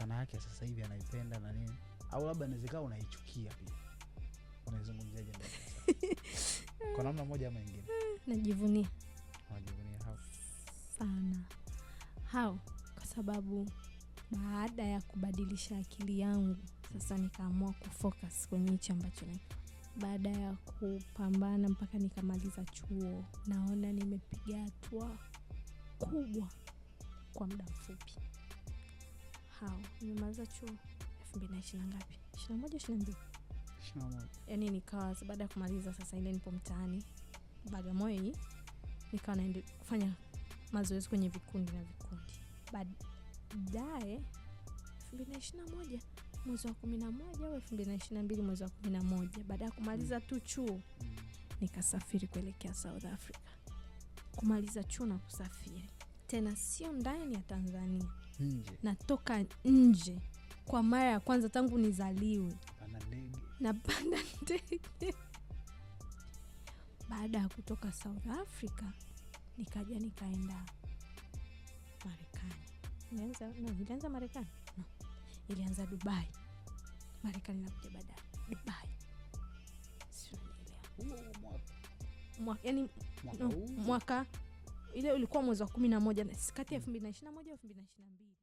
sana yake sasa hivi anaipenda na nini, au labda inawezekana unaichukia pia. Unaizungumziaje? Kwa namna moja ama nyingine, najivunia najivunia hao sana hao, kwa sababu baada ya kubadilisha akili yangu sasa nikaamua kufocus kwenye hichi ambacho niko baada ya kupambana mpaka nikamaliza chuo, naona nimepiga hatua kubwa kwa muda mfupi. How nimemaliza chuo elfu mbili na ishirini na ngapi, ishirini na moja ishirini na mbili yaani nikawa baada ya kumaliza sasa ile nipo mtaani Bagamoyo hii nikawa naende kufanya mazoezi kwenye vikundi na vikundi. Baadaye elfu mbili na ishirini na moja mwezi wa kumi na moja au elfu mbili na ishirini na mbili mwezi wa kumi na moja baada ya kumaliza mm. tu chuo mm. nikasafiri kuelekea South Africa kumaliza chuo na kusafiri tena sio ndani ya Tanzania, nje. Natoka nje kwa mara ya kwanza tangu nizaliwe, napanda ndege baada ya kutoka South Africa nikaja nikaenda Marekani. Ilianza no, ilianza Marekani no, ilianza Dubai. Marekani nakuja baada ya Dubai, sio mwaka, yani mwaka ile ulikuwa mwezi wa kumi na moja kati ya elfu mbili na ishirini na moja elfu mbili na ishirini na mbili